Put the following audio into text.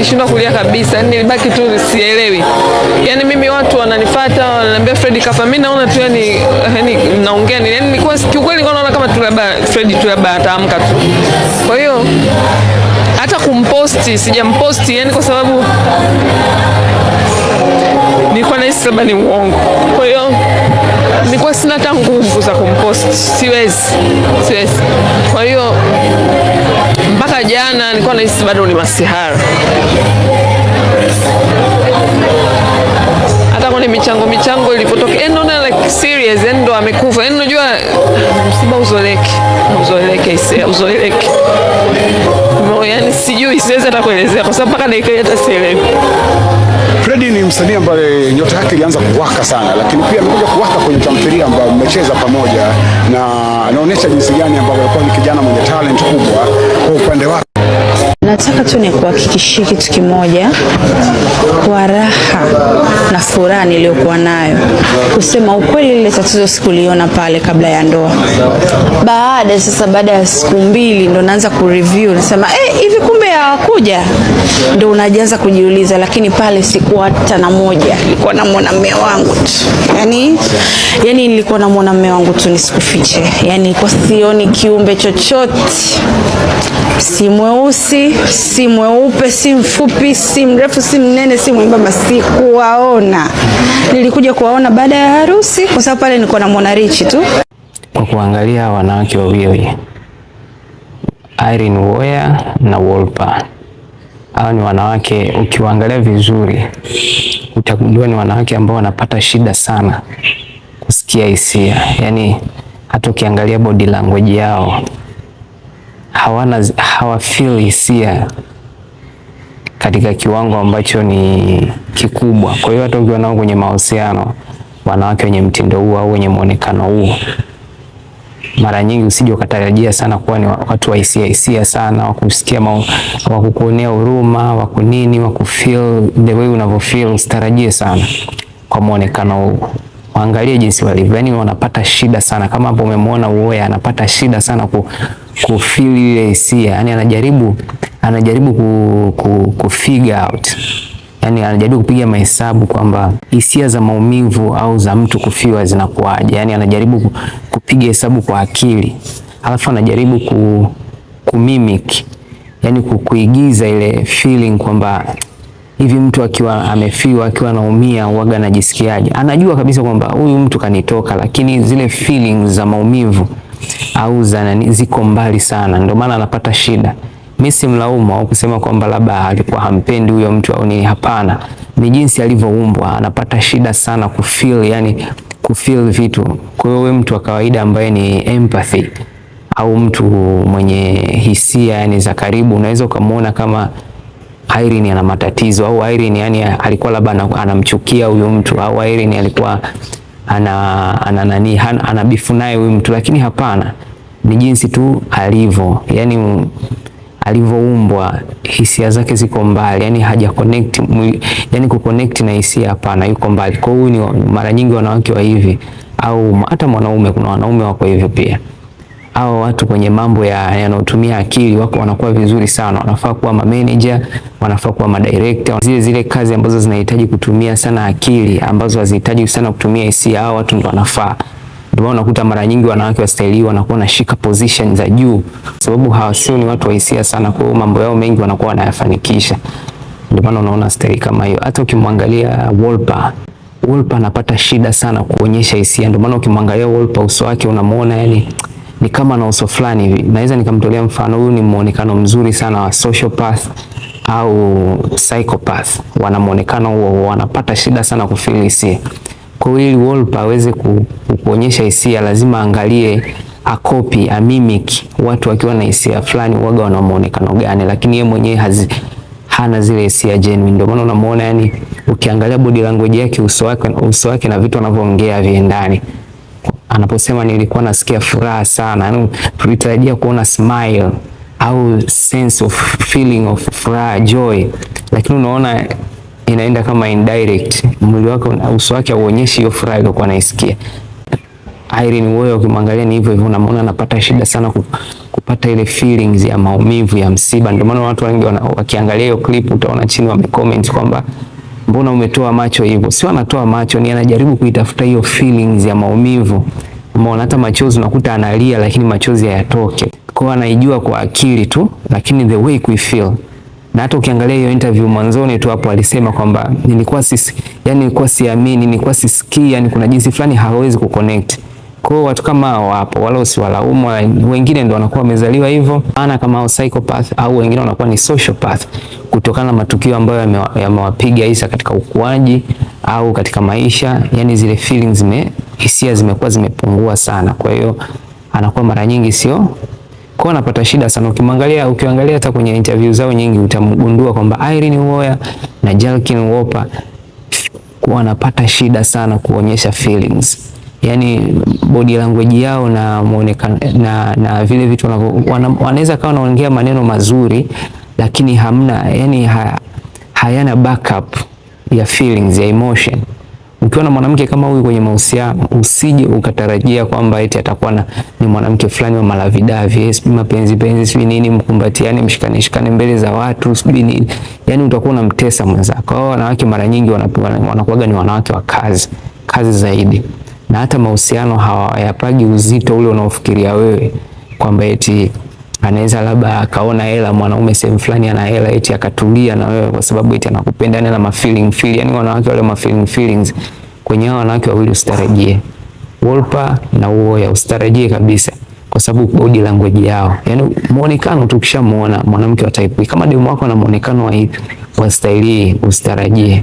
nilishindwa kulia kabisa, yani nilibaki tu sielewi. Yani mimi watu wananifuata wananiambia Fred kafa, mimi naona tu yani yani naongea yani, nilikuwa kiukweli nilikuwa naona kama tu labda Fred tu labda ataamka tu. Kwa hiyo hata kumposti sijamposti, yani kwa sababu nilikuwa nahisi labda ni uongo, kwa hiyo nilikuwa sina hata nguvu za kumposti, siwezi siwezi, kwa hiyo jana nilikuwa nahisi bado ni masihara hata kwenye michango michango ilipotoka, yani naona like serious, yani ndo amekufa. Yani unajua msiba uzoleke uzoleke uzoleke, yani sijui, siwezi hata kuelezea kwa sababu mpaka dakika hii hata sielewi. Fredi ni msanii ambaye nyota yake ilianza kuwaka sana, lakini pia amekuja kuwaka kwenye tamthilia ambayo mmecheza pamoja, na anaonyesha jinsi gani ambavyo alikuwa ni kijana mwenye talent kubwa kwa upande wake. Nataka tu nikuhakikishie kitu kimoja kwa raha furaha niliyokuwa nayo. Kusema ukweli, lile tatizo sikuliona pale kabla ya ndoa. Baada sasa, baada ya siku mbili ndo naanza ku review nasema eh, hivi kumbe hawakuja, ndo unajaanza kujiuliza. Lakini pale sikuwa hata na moja, nilikuwa namwona mume wangu tu, yani yani nilikuwa namwona mume wangu tu, nisikufiche, yani nilikuwa sioni kiumbe chochote si mweusi si mweupe si mfupi si mrefu si mnene si mwembamba, sikuwaona. Hapana, nilikuja kuwaona baada ya harusi, kwa sababu pale nilikuwa namwona Richi tu. Kwa kuangalia wanawake wawili Irene Woya na Wolper, hawa ni wanawake, ukiwaangalia vizuri utagundua ni wanawake ambao wanapata shida sana kusikia hisia, yaani hata ukiangalia body language yao hawana hawafeel hisia katika kiwango ambacho ni kikubwa. Kwa hiyo hata ukiwa nao kwenye mahusiano wanawake wenye mtindo huu au wenye muonekano huu, mara nyingi usije ukatarajia sana kuwa ni watu wa hisia hisia sana, wakusikia wa kukuonea huruma, wa kunini, wa kufeel the way unavyofeel. Usitarajie sana kwa muonekano huu. waangalie jinsi walivyo, yani wanapata shida sana. Kama hapo umemwona uoya anapata shida sana ku kufili ile hisia, yani anajaribu anajaribu ku, ku, ku figure out yani anajaribu kupiga mahesabu kwamba hisia za maumivu au za mtu kufiwa zinakuwaje. Yani anajaribu kupiga hesabu kwa akili, alafu anajaribu ku, mimic yani kuigiza ile feeling kwamba hivi mtu akiwa amefiwa akiwa anaumia uaga anajisikiaje? Anajua kabisa kwamba huyu mtu kanitoka, lakini zile feeling za maumivu au za nani ziko mbali sana, ndio maana anapata shida. Mimi simlaumu au kusema kwamba labda alikuwa hampendi huyo mtu au nini, hapana. Ni jinsi alivyoumbwa, anapata shida sana kufeel, yani kufeel vitu. Kwa hiyo wewe mtu wa kawaida ambaye ni empathy au mtu mwenye hisia yani za karibu, unaweza ukamwona kama Irene ana matatizo au Irene yani alikuwa labda anamchukia huyo mtu au Irene alikuwa ana, ana, nani, ana, ana bifu naye huyu mtu, lakini hapana, ni jinsi tu alivyo, yani alivyoumbwa, hisia zake ziko mbali, yani haja connect, yani connect na hisia hapana, yuko mbali. Kwa hiyo huyu ni mara nyingi wanawake wa hivi, au hata mwanaume, kuna wanaume wako hivi pia hao watu kwenye mambo ya yanayotumia akili wako wanakuwa vizuri sana, wanafaa kuwa mameneja, wanafaa kuwa madirekta, zile zile kazi ambazo zinahitaji kutumia sana akili, ambazo hazihitaji sana kutumia hisia, hao watu ndio wanafaa. Ndio maana unakuta mara nyingi wanawake wastahili wanakuwa wanashika position za juu, sababu hawasio ni watu wa hisia sana, kwa hiyo mambo yao mengi wanakuwa wanayafanikisha. Ndio maana unaona staili kama hiyo. Hata ukimwangalia Wolper Wolper anapata shida sana kuonyesha hisia, ndio maana ukimwangalia Wolper uso wake unamuona yani ni kama na uso fulani hivi. Naweza nikamtolea mfano, huyu ni muonekano mzuri sana wa sociopath au psychopath, wana muonekano huo, wanapata shida sana kufili hisia. Kwa hiyo ili Wolper aweze kuonyesha hisia, lazima angalie akopi amimiki watu wakiwa na hisia fulani waga wana muonekano gani, lakini yeye mwenyewe hazi, hana zile hisia genuine. Ndio maana unamuona yani, ukiangalia body language yake, uso wake, uso wake na vitu anavyoongea viendani anaposema nilikuwa nasikia furaha sana, yaani tulitarajia kuona smile au sense of feeling of furaha joy, lakini unaona inaenda kama indirect, mwili wake uso wake hauonyeshi hiyo furaha iliyokuwa naisikia. Irene wewe ukimwangalia ni hivyo hivyo, unamwona anapata shida sana kupata ile feelings ya maumivu ya msiba. Ndio maana watu wengi wakiangalia hiyo clip utaona chini wamecomment kwamba mbona umetoa macho hivyo? Sio anatoa macho, ni anajaribu kuitafuta hiyo feelings ya maumivu. Umeona, hata machozi unakuta analia, lakini machozi hayatoke. Kwa hiyo anaijua kwa akili tu, lakini the way we feel na hata ukiangalia hiyo interview mwanzoni tu hapo alisema kwamba nilikuwa sisi, yani nilikuwa siamini, nilikuwa sisikii, yani kuna jinsi fulani hawezi kuconnect. Kwa hiyo watu kama hao wapo, wala usiwalaumu. Wengine ndio wanakuwa wamezaliwa hivyo, ana kama hao psychopath, au wengine wanakuwa ni sociopath kutokana na matukio ambayo yamewapiga isa katika ukuaji au katika maisha, yani zile feelings zime hisia zimekuwa zimepungua sana, kwa hiyo anakuwa mara nyingi sio kwa anapata shida sana. Ukimwangalia, ukiangalia hata kwenye interview zao nyingi utamgundua kwamba Irene Uwoya na Jalkin Wolper kwa anapata shida sana kuonyesha feelings yani body language yao na muonekano na, na vile vitu wanaweza kawa wanaongea maneno mazuri lakini hamna yani ha, hayana backup ya feelings ya emotion. Ukiwa na mwanamke kama huyu kwenye mahusiano, usije ukatarajia kwamba eti atakuwa na ni mwanamke fulani wa malavidavi, eh, sijui mapenzi penzi, sijui nini, mkumbatiane, mshikanishikane mbele za watu, sijui nini, yani utakuwa unamtesa mwenzako. Wanawake mara nyingi wanakuwaga ni wanawake wa kazi kazi zaidi na hata mahusiano hawayapagi uzito ule unaofikiria wewe kwamba eti anaweza labda akaona hela mwanaume sehemu fulani ana hela eti akatulia na wewe kwa sababu eti anakupenda yani, ana ma feeling feel yani, wanawake wale ma feeling feelings kwenye hao wanawake wawili usitarajie Wolper na Uwoya, usitarajie kabisa, kwa sababu body language yao, yani muonekano tu, ukishamuona mwanamke wa type kama demu wako na muonekano wa hivi wa staili, usitarajie.